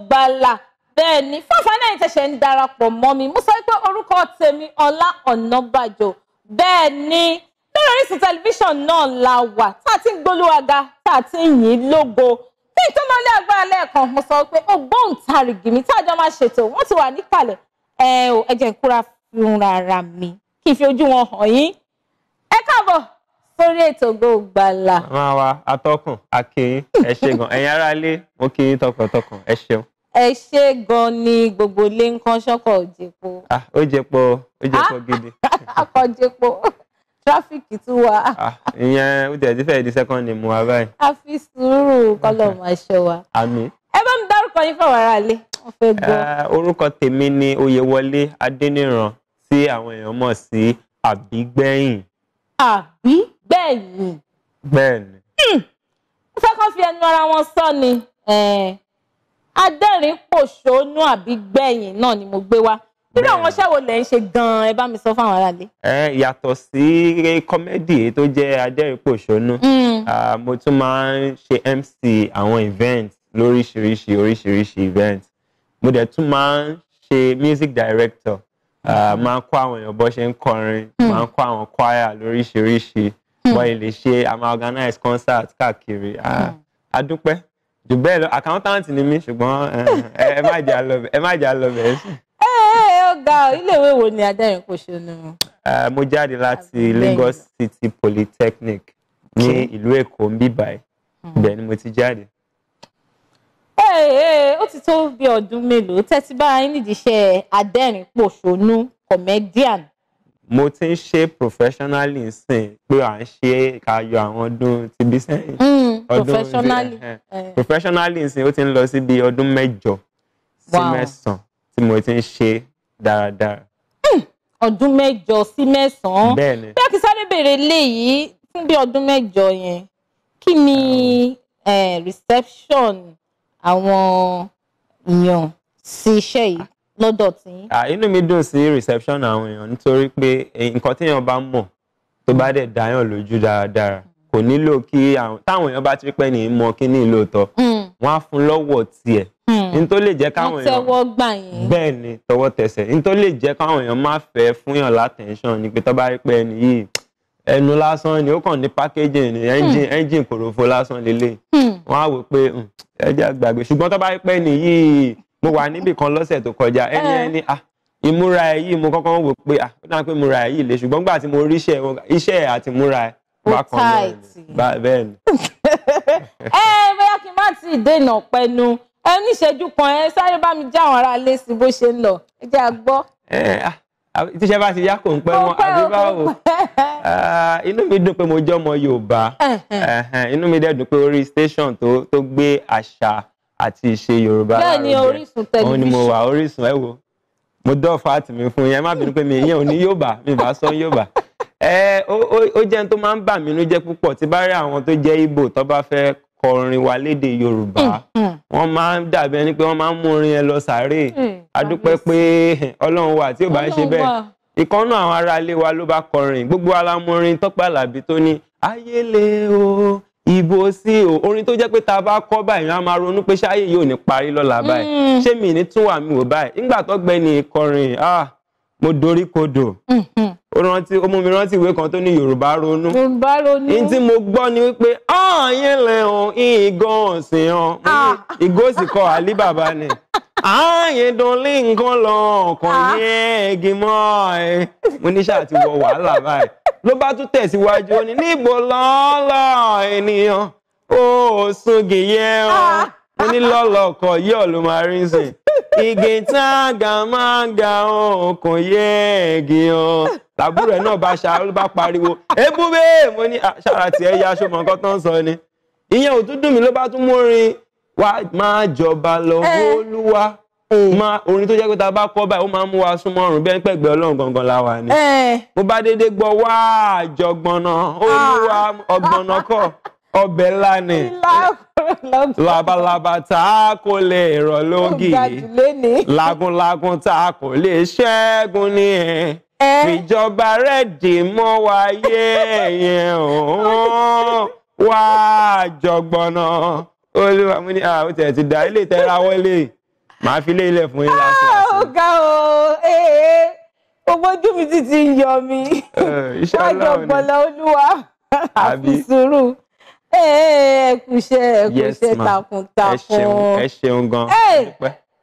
gbàlà bẹ́ẹ̀ ni fáfáì náà tẹ̀sẹ̀ ń darapọ̀ mọ́ mi mo sọ pé orúkọ tèmi Ọlá Ọ̀nàbàjọ bẹ́ẹ̀ ni lórí Orísun tẹlifíṣàn náà la wà tá a ti ń gbólúwaga tá a ti ń yìn lógo bí ìtọ́mọlé agbára lẹ́ẹ̀kan mo sọ pé ògbóǹtarìgì mi tá a jọ máa ṣètò wọ́n ti wà níkàlẹ̀ ẹ ò ẹ ń kúra fúnra mi kí n fi ojú wọn hàn yín ẹ káàbọ̀ orí ètò Ògo Ìgbàlà. máa wa atọ́kùn akéyín ẹ ṣé gan ẹ̀yin aráalé mo kí yín tọkàntọkàn ẹ ṣeun. ẹ ṣé gan ni gbogbo ilé ń kán ṣọkọ òjèpo. ó jẹpọ ó jẹpọ ah! gidi. akọjẹpo tráfíkì tún wà. ìyẹn ó tẹ̀ ti fẹ́ di second name wa báyìí. a fi sùúrù kọ́lọ̀ máa ṣọ wa. àmín. ẹ bá mi dárúkọ yín fáwọn aráalé wọ́n fẹ́ gbọ́. orúkọ tèmi ni Oyèwọlé Adéníran tí àwọn èèyàn mọ̀ sí Àbígbẹ̀yìn. àbí bẹ́ẹ̀ni. bẹ́ẹ̀ni. ó hmm. fẹ́ kán fi ẹnu ara wọn sọ ni adẹ́rìn pòṣónú àbí gbẹ̀yìn náà ni mo gbé wá nínú àwọn ṣẹ́wó lẹ̀ ń ṣe gan-an ẹ bá mi sọ fáwọn aráàlú. ẹ yàtọ̀ sí kọ́mẹ́dì tó jẹ́ adẹ́rìn pòṣónú hmm. mo tún máa ń ṣe MC àwọn event lóríṣiríṣi oríṣiríṣi event mo dẹ̀ tún máa ń ṣe music director máa ń kó àwọn èèyàn bó ṣe ń kọrin hmm. máa ń kó àwọn choir lóríṣiríṣi Hmm. wọ́n yìí lè ṣe a máa organize concert káàkiri hmm. a dúpẹ́ jù bẹ́ẹ̀ lọ accountant ni mí ṣùgbọ́n eh, eh, ẹ má jà lọ bẹ̀ ẹ má jà lọ bẹ̀. ẹ ẹ ọ̀gá iléèwé wo ni Adẹ́rìnpòṣónú ni wọn. Eh, mo jáde láti Lagos City Polytechnic ní ìlú Èkó ń bíbáyìí ibẹ̀ hmm. ni mo ti jáde ó ti tó bí ọdún mélòó tẹ́tí bá yín nídìí iṣẹ́ adẹ́rìn-pòṣónú comedian mo ti ń ṣe professionally nsìn pé à ń ṣe kayọ àwọn ọdún ti bí sẹ́yìn. Mm, professionally eh. professionally nsìn ó ti ń lọ sí bí ọdún mẹ́jọ sí mẹ́sàn-án tí mo ti ń ṣe dáradára. Hmm, ọdún mẹ́jọ sí mẹ́sàn-án bẹ́ẹ̀ ni sáré bèrè léyìí fún bí ọdún mẹ́jọ yẹn kí ni eh, reception àwọn èèyàn sí iṣẹ́ yìí lọ́dọ̀ tí. inú mi dùn sí reception àwọn èèyàn nítorí pé nǹkan téèyàn bá mọ̀ tó bá dẹ̀ dáyàn lójú dáradára kò nílò kí táwọn èèyàn bá ti rí pẹ́ ní mọ kí ní ìlòótọ́ hmm. wọ́n á fún lọ́wọ́ tiẹ̀ hmm. n tó lè jẹ́ káwọn èèyàn tẹ́wọ́ gbà yín bẹ́ẹ̀ ni tọwọ́ tẹsẹ̀ n tó lè jẹ́ káwọn èèyàn má fẹ́ fúnyàn látẹ̀ńṣàn ni pé tó bá ẹni yìí ẹnu lásán ni ó kàn ní packaging ni hmm. engine engine kòròfo lásán lélẹ̀ wọ́n á wò pé ẹjẹ́ àgbàgbé ṣùgbọ́n tó bá rí pẹ́ mo wà níbì kan lọ́sẹ̀ tó kọjá ẹni eh. ẹni ah ìmúra ẹ yìí mo kọ́kọ́ wò pé ah ó dáa pé múra ẹ yìí le ṣùgbọ́n nígbà tí mo rí iṣẹ́ iṣẹ́ àti múra ẹ bákan náà bẹ́ẹ̀ ni. ẹ eh, bóyá kí n má ti dènà pẹnu ẹ ní ìṣẹ́jú kan ẹ sáré bá mi já àwọn ará ilé sí bó ṣe ń lọ ẹ jẹ́ àgbọ́. Eh, ah, tíṣẹ́ bá ti yá kò ń pẹ́ wọn àbí báwo ah, inú mi dùn pé mo jọ́ ọmọ Yorùbá inú mi dẹ̀ dùn pé orí station tó gbé àṣà àti ìṣe yorùbá bẹ́ẹ̀ ni orísun tẹlifíṣàn òun ni mo wà orísun ẹ wo mo dọ́ọ̀fù àti mi fún yẹn má bínú pé mi ìyẹn ò ní yóò bá mi bá sọ yóò bá ó jẹ́ tó máa ń bà mí inú jẹ́ púpọ̀ tí bá rí àwọn tó jẹ́ Ìgbò tó bá fẹ́ kọrin wa lédè Yorùbá hmm, hmm. wọ́n máa ń dàbí ẹni pé wọ́n máa ń mú orin yẹn lọ sàárè hmm, adúpẹ́ pé Ọlọ́run wà tí ò bá ń ṣe bẹ́ẹ̀ ìkànnà àwọn ará ilé wa ló bá kọrin gbogbo alámọrin Tọ́pẹ́ Àlàbí tó ní ayé le o ibo sí o orin tó jẹ́ pé tá a bá kọ báyìí a máa ronú pé ṣáyé yóò ní parí lọ́la báyìí mm. ṣé mi ní tún wà mí wò báyìí nígbà tó gbẹ ní ah mo dorí kodò mm-hmm. ó rántí ó mú mi rántí ìwé kan tó ní yorùbá ronú yorùbá ronú ní tí mo gbọ́ ni wípé ọ̀ọ́yìn ah, lẹ́hàn ìgàn ọ̀sìn hàn ah. ìgòsì kọ àlíbàbá ni ààyè ah, dùn lí nǹkan lọ ọkàn yẹn gímọ ẹ mo ní ṣáà wàhálà báyìí ló bá tún tẹ̀síwájú ó ní níbo lọ́ọ́lọ́ ènìyàn ó sungi yẹ ọ ah. ó ní lọ́lọ́ ọkọ̀ yí ọ̀lùmárìnsìn igi táǹgà máa ń ga ọkàn yẹ ẹ̀gì hàn làbúrò ẹ̀ náà bá ṣàrò bá pariwo ebúbé mo ní ṣàrà tiẹ̀ ya aṣọ mọ̀ nǹkan tó ń sọ ni ìyẹn ò mi dùn mí ló bá tún mú orin wá máa jọba lọ eh. wó Eh. mọ orin tó jẹ́ pé ta bá kọ́ báyìí ó máa ń mú wa súnmọ́ ọ̀run bẹ́ẹ̀ pẹ̀gbẹ́ ọlọ́run gangan la wà ni. Eh. mo bá dédé gbọ́ wá àjọgbọ̀nà olúwa ah. ọgbọ̀nà kọ́ ọbẹ̀ ńlá ni labalábá kò lè rọ̀ lagunlagun tá kò lè ṣẹ́gun ni ẹ̀ eh. ìjọba rẹ̀ dì mọ́ wáyé yẹn o wá àjọgbọ̀nà olúwa mo ní àwọn ah, tẹ̀ dá ilé ìtẹ́ra wọlé màá fi lé ilẹ̀ fún yín lásán. ó ga o eh, eh. owó ojú mi ti ti ń yọ mi eh, wájú ọpọlọ olúwa àfisùrù ẹkùṣẹ́ ẹkùṣẹ́ takuntakun ẹ ṣeun gan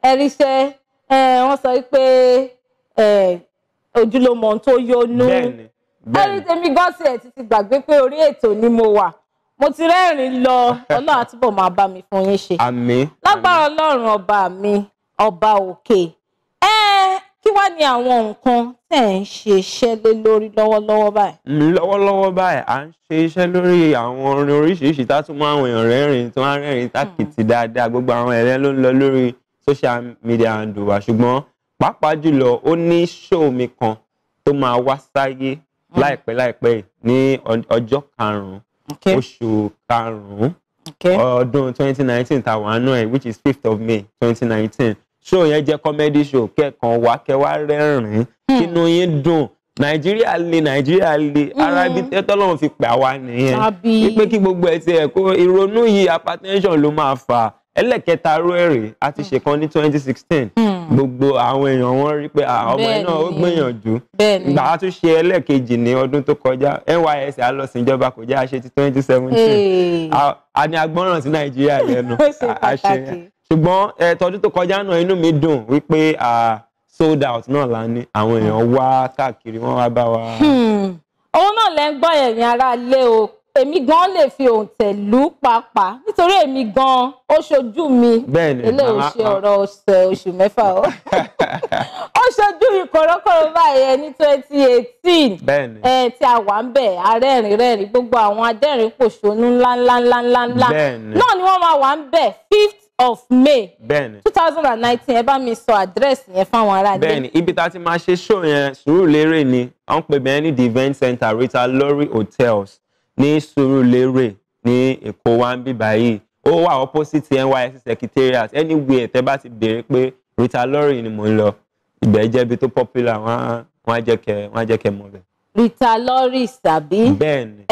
ẹ ríṣẹ́ wọ́n sọ pé ojúlówó ohun tó yónú ẹ rí tèmi gọ́ọ̀sì ẹ̀ ti ti gbàgbé pé orí ètò ni mo wà mo ti rẹ́rìn lọ ọlọ́run àtúbọ̀ máa bá mi fún yín ṣe. àmín. lágbára ọlọ́run ọba mi ọba òkè ẹ kí wàá ní àwọn nǹkan tẹ̀ ń ṣe iṣẹ́ lé lórí lọ́wọ́lọ́wọ́ báyìí. Mm, lọ́wọ́lọ́wọ́ báyìí à ń ṣe iṣẹ́ lórí àwọn orin oríṣiríṣi tá a tún mú àwọn èèyàn rẹ́rìn tó ń rẹ́rìn tákìtì dáadáa gbogbo àwọn ẹ̀rẹ́ ló ń lọ lórí social media and wa ṣùgbọ́n pàápàá jùlọ ó ní ṣóò mi kan tó máa wá sáyé hmm. láìpẹ́ láìpẹ́ ní ọjọ́ karùn-ún oṣù karùn-ún ọdún twenty nineteen tá wà nù which is fifth of may twenty nineteen show yẹn jẹ́ comedy show kẹ́ẹ̀kan wá kẹ́wàá rẹ́rìn-ín kínú hmm. yín dùn nàìjíríà le nàìjíríà le hmm. ara ibi tọ́lọ́run fi pè àwa nìyẹn wípé kí gbogbo ẹ̀ tiẹ̀ kó ìrònú yìí hypertension ló máa fà á ẹlẹ́kẹta ró ẹ̀rẹ̀ a ti hmm. ṣèkan ní twenty sixteen hmm. gbogbo àwọn èèyàn wọn rí pé ah, ọmọ ẹ náà ó gbìyànjú ìgbà a tún ṣe ẹlẹ́kejì ní ọdún tó kọjá NYSC alọ́sìnjọba kò jẹ́ àṣẹ ti twenty seventeen a ní agbọ́ràn sí Nàìjíríà lẹ́nu àṣẹ ṣùgbọ́n tọdún tó kọjá náà inú mi dùn wípé sold out náà la ní àwọn èèyàn wá káàkiri wọ́n wá bá wa. Hmm. òun náà lẹ́ ń gbọ́ ẹ̀yin ará lé o èmi gan lè fi òǹtẹ̀ lù pàápàá nítorí èmi gan ó ṣojú mi eléyìí ò ṣe ọ̀rọ̀ ọ̀sẹ̀ oṣù mẹ́fà o ó ṣojú mi kọ̀rọ̀kọ̀rọ̀ báyìí ẹni twenty eighteen ẹ tí a wà ń bẹ̀ arẹ́rìn rẹ́rìn gbogbo àwọn adẹ́rìn pòṣónú ńláńláńláńlá náà ni wọ́n máa wà ń bẹ̀ fifth of May two thousand and nineteen ẹ bá mi sọ àdírẹ́sì yẹn fáwọn ará ilé. bẹ́ẹ̀ni ibi tá a ti máa ṣe ṣó yẹn Sùúrùlérè ni à ń pè bẹ́ẹ̀ ní the event center Rita Lori Hotels ní Sùúrùlérè ní Èkó wa ń bí báyìí ó wà opposite NYSC secretariat anywhere tẹ́ bá ti béèrè pé Rita Lorry ni mò ń lọ ibẹ̀ jẹ́ ibi tó popular wọ́n á jẹ́ kẹ́ wọ́n á jẹ́ kẹ́ mọ̀ bẹ́ẹ̀. Rita Lorry sàbí. bẹ́ẹ̀ni.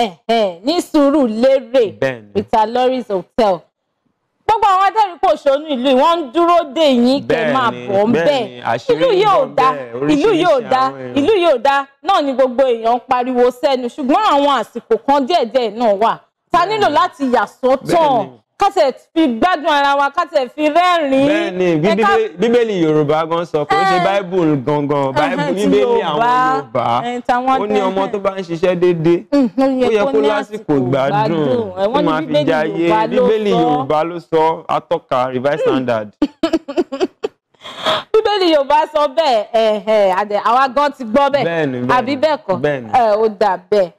ní Sùúrùlérè. bẹ́ẹ̀ni Rita Lorry's hotel gbogbo àwọn adẹ́rìí pò ṣónú ìlú yìí wọ́n ń dúró dè yín kẹ́ máa bọ̀ ń bẹ̀ ìlú yóò dá ìlú yóò dá ìlú yóò dá náà ni gbogbo èèyàn ń pariwo sẹ́nu ṣùgbọ́n àwọn àsìkò kan díẹ̀díẹ̀ náà wà ta nílò láti yà sọ́tọ̀ kátẹ̀ fi gbádùn ara wa kátẹ̀ fi rẹ́rìn-ín. bẹ́ẹ̀ni bíbélì yorùbá gan sọ pé ó ṣe eh. báíbùl gangan eh, báíbù bíbélì àwọn yorùbá eh, ó ní ọmọ tó bá ń ṣiṣẹ́ déédéé mm, ó yẹ kó lásìkò gbádùn tó máa fi jayé bíbélì yorùbá ló sọ atọ́ka revised standard. bíbélì yorùbá sọ bẹ́ẹ̀ àwa gan ti gbọ́ bẹ́ẹ̀ àbí bẹ́ẹ̀ kọ́ ó dà bẹ́ẹ̀.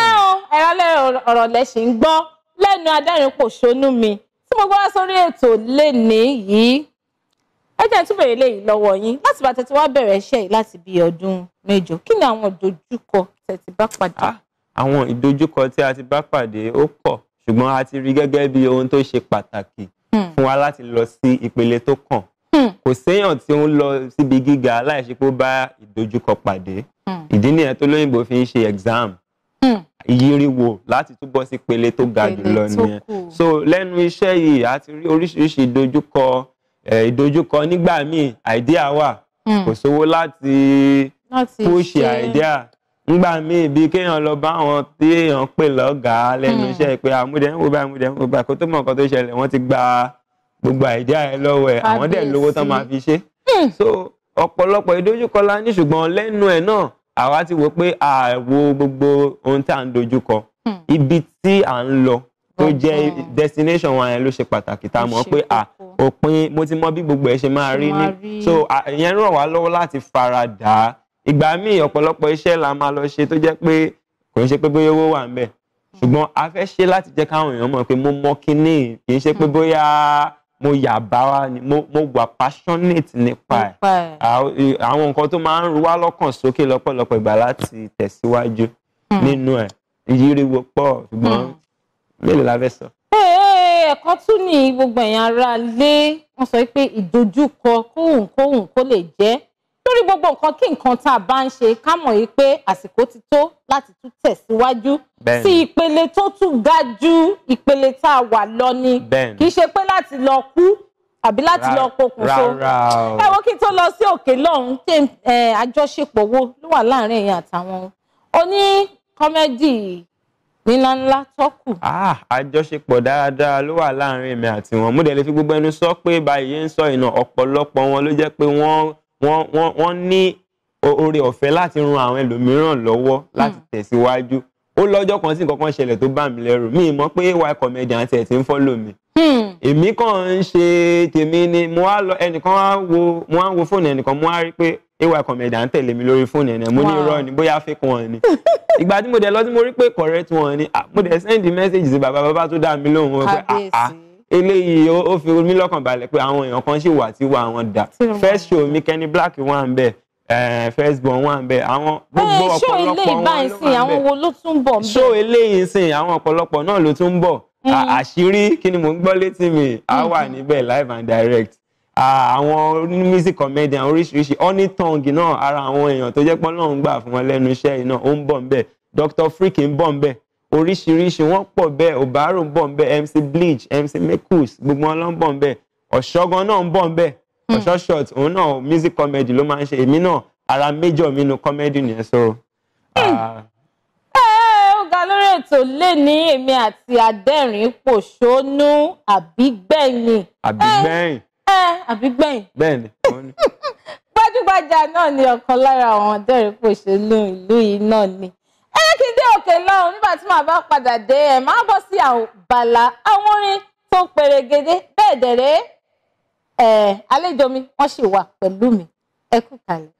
ẹ o ẹ̀rọ ọ̀rọ̀ lẹ ṣì ń gbọ́ lẹ́nu adẹ́rìnpòṣónú mi tí mo gbọ́ wá sórí ètò lénìí yìí ẹ jẹ́ tún bèrè léyìí lọ́wọ́ yín láti bá tẹ́tí wá bẹ̀rẹ̀ iṣẹ́ yìí láti bí ọdún mẹ́jọ kí ni àwọn ìdojúkọ tẹ́tí bá pàdé. Ah, àwọn ìdojúkọ tí a ti bá pàdé ó pọ̀ ṣùgbọ́n a ti rí gẹ́gẹ́ bí ohun tó ṣe pàtàkì hmm. fún wa láti lọ sí ìpele tó kàn hmm. kò séèyàn tí ó ń lọ síbi gíga láìsí bá ìdojúkọ pàdé hmm. ìdí nìyẹn tó lóyìnbó fi ń ṣe exam ìyíríwò láti túbọ̀ sí pele tó ga jùlọ nìyẹn so lẹ́nu iṣẹ́ yìí a ti rí oríṣiríṣi ìdojúkọ ìdojúkọ nígbà míì àìdíà wà hmm. kò sówó láti púùṣì àìdíà ngbà míì bí kéèyàn lọ bá àwọn tí èèyàn pè lọ́gàá lẹ́nu hmm. iṣẹ́ pé àmúdẹ̀ ń wo báyìí àmúdẹ̀ ń wo báyìí kó tó mọ̀ nǹkan tó ṣẹlẹ̀ wọ́n ti gba gbogbo àìdíà ẹ lọ́wọ́ ẹ̀ àwọn dẹ̀ lówó tán máa fi ṣe hmm. so ọ̀pọ̀lọpọ̀ ìdojúkọ la ní ṣùgbọ́n lẹ́nu ẹ̀ náà àwa ti wò pé a wo gbogbo ohun tí à ń dojú kọ hmm. ibi tí à ń lọ tó jẹ́ destination wa yẹn ló ṣe pàtàkì tá a mọ̀ pé a òpin mo ti mọ bí gbogbo ẹ ṣe máa rí ní so ìyẹn ràn wá lọ́wọ́ láti fara dà á ìgbà míì ọ̀pọ̀lọpọ̀ iṣẹ́ la máa lọ ṣe tó jẹ́ pé kò ń ṣe pé bóyá owó wà ń bẹ̀ hmm. ṣùgbọ́n a fẹ́ ṣe láti jẹ́ káwọn èèyàn mọ̀ pé mo mọ kinní kì í ṣe pé hmm. bóyá mo yà bára ni mo mo wà passionate nípa ẹ àwọn nǹkan tó máa ń ru wá lọ́kàn sókè lọ́pọ̀lọpọ̀ ìgbà láti tẹ̀síwájú hmm. nínú ẹ̀ ìyírí wo pọ̀ ṣùgbọ́n hmm. mélòó la fẹ́ sọ. ẹ̀kọ́ tún ní gbogbo èèyàn ara lé wọ́n sọ pé ìdojúkọ kóhùnkóhùn kó lè jẹ́ lórí gbogbo nǹkan kí nǹkan tá a bá ń ṣe ká mọ̀ yìí pé àsìkò ti tó láti tún tẹ̀síwájú sí ìpele tó tún ga ju ìpele tá a wà lọ ni kì í ṣe pé láti lọ kú àbí láti lọ pokùnso ẹ wo kí n tó lọ sí òkè lọ́hún tí àjọṣepọ̀ wo ló wà láàrin ẹ̀yin àtàwọn oní kọ́mẹ́dì níláńlá tọ́kù. Ah, àjọṣepọ̀ dáradára ló wà láàrin èmi àti wọn mo dẹ̀ lè fi gbogbo ẹnu sọ pé báyìí ń sọ ìnà ọ̀pọ̀lọpọ̀ wọn ló jẹ́ pé wọ́n wọ́n wọ́n wọ́n ní oore ọ̀fẹ́ láti ran àwọn ẹlòmíràn lọ́wọ́ láti hmm. tẹ̀síwájú ó lọ́jọ́ kan sí nǹkan kan ṣẹlẹ̀ tó bá mi lẹ́rù mi mọ̀ pé why comedian tiẹ̀ ti ń fọ́lò mi hmm. èmi kàn ń ṣe tèmi ni mo wá lọ ẹnìkan wá wo mo wá wo fóònù ẹnìkan mo wá rí pé ay comedian tẹ̀lé mi lórí fóònù ẹ̀nà mo ní irọ́ ni bóyá fake wọn ni ìgbà tí mo dẹ̀ lọ tí mo rí pé correct wọn ni mo dẹ̀ send message sí bàbá bàbá tó dá mi lóhùn wọn pé ah ah eléyìí ó fi mí lọ́kàn balẹ̀ pé àwọn èèyàn kan ṣì wà tí wà wọn dà first show mi Kenny Black wà ń bẹ eh, first born wà ń bẹ àwọn gbogbo eh, ọ̀pọ̀lọpọ̀ wọn ló wà ń bẹ àwọn wo ló tún bọ̀ ń bẹ show eléyìí sìn àwọn ọ̀pọ̀lọpọ̀ náà ló tún bọ̀ mm. àṣírí kí ni mò ń gbọ́ létí mi á mm. wà níbẹ̀ live and direct àwọn music comedian oríṣiríṣi onítọ̀ǹgì náà ara àwọn èèyàn tó jẹ́ pọ́n náà ń gbà fún wọn lẹ́nu iṣẹ́ yìí náà ó ń bọ̀ ń bẹ̀ Dr Frique ń bọ̀ ń bẹ̀ oríṣiríṣi wọ́n pọ̀ bẹ́ẹ̀ obaro ń bọ̀ ń bẹ́ẹ̀ mc bleach mc mekus gbogbo wọn ló ń bọ̀ ń bẹ́ẹ̀ ọ̀ṣọ́gan náà ń bọ̀ ń bẹ́ẹ̀ hmm. ọ̀ṣọ́ short òun náà music comedy ló máa ń ṣe èmi náà ara major mi nu comedy nìyẹn so. ọ̀gá hmm. ah. lórí ètò lè ní èmi àti adẹ́rìn pòṣónú àbígbẹ̀yìn. àbígbẹ̀yìn. ẹ àbígbẹ̀yìn. bẹ́ẹ̀ni gbajúgbajà náà ni ọ̀kan lára àwọn adẹ́rìn pòṣónú ìlú yìí náà ni kí n dé òkè lọ́hùn nígbà tí màá bá padà dé ẹ̀ máa bọ́ sí àbàlà àwọn orin tó pèrègede bẹ́ẹ̀ dẹ̀rẹ́ ẹ̀ àlejò mi wọ́n sì wà pẹ̀lú mi ẹ kú kàlẹ̀.